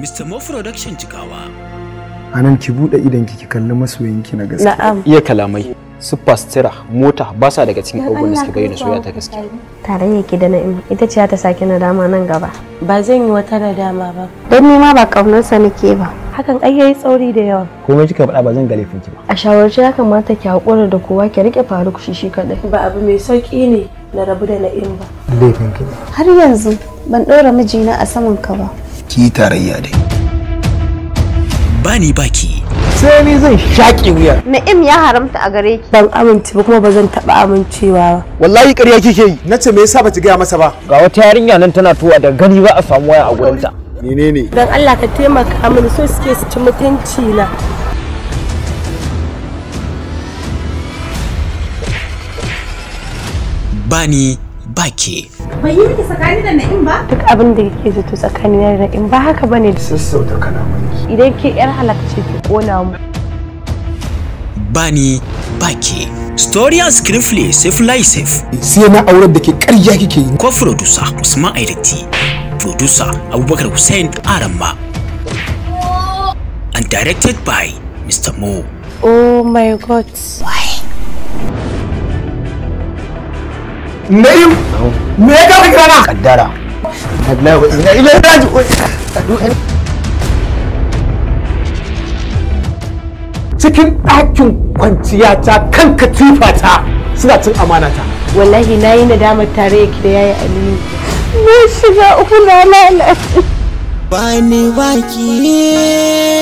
Mr. Mo Production Jigawa. A nan ki buɗe idan ki kalli masoyinki na gaske. Na'am. Iya kalamai. su mota ba sa daga cikin abubuwan da suka bayyana soyayya ta gaske. Tarayya ki da na'ima ita ce ta sake nadama nan gaba. Ba zan yi wata nadama ba. Don ni ma ba kaunarsa nake ba. Hakan ai yayi tsauri da yawa. Komai kika faɗa ba zan ga laifin ki ba. A shawarce ya kamata ki haƙura da kowa ki rike faruk shi shi kaɗai. Ba abu mai sauƙi ne na rabu da na'im ba. Laifin Har yanzu ban ɗora mijina a saman ka ba. ki tarayya dai bani baki sai ni zan shaƙe wuyar na'im ya haramta a gare ki ban amince ba kuma ba zan taɓa amincewa ba wallahi ƙarya kike yi nace me yasa bata gaya masa ba ga wata yarinya nan tana tuwa da gani ba a samu waya a gurinta menene dan Allah ka taimaka mini so suke su ci mutunci na bani ba ke. Bai yi miki tsakani da na'im ba? Duk abin da kike zato tsakani da na'im ba haka bane. Sassauta kalamanki. Idan ke yar halakci ki kona mu. Bani ba ke. Storia Scriffly Safe Life Safe. Sai na aurar da ke ƙarya kike yi. Ko producer Usman Aidati. Producer Abubakar Hussein Aramba. And directed by Mr. Mo. Oh my god. Why? Nayu? Me ya kafa kira na? Kaddara. Allah wa ina ila raji. Cikin ɗakin kwanciya ta kan katifa ta suna cin amana ta. Wallahi na yi nadamar tare ki da yayi Aliyu. ne shiga uku na lalace. Bani baki.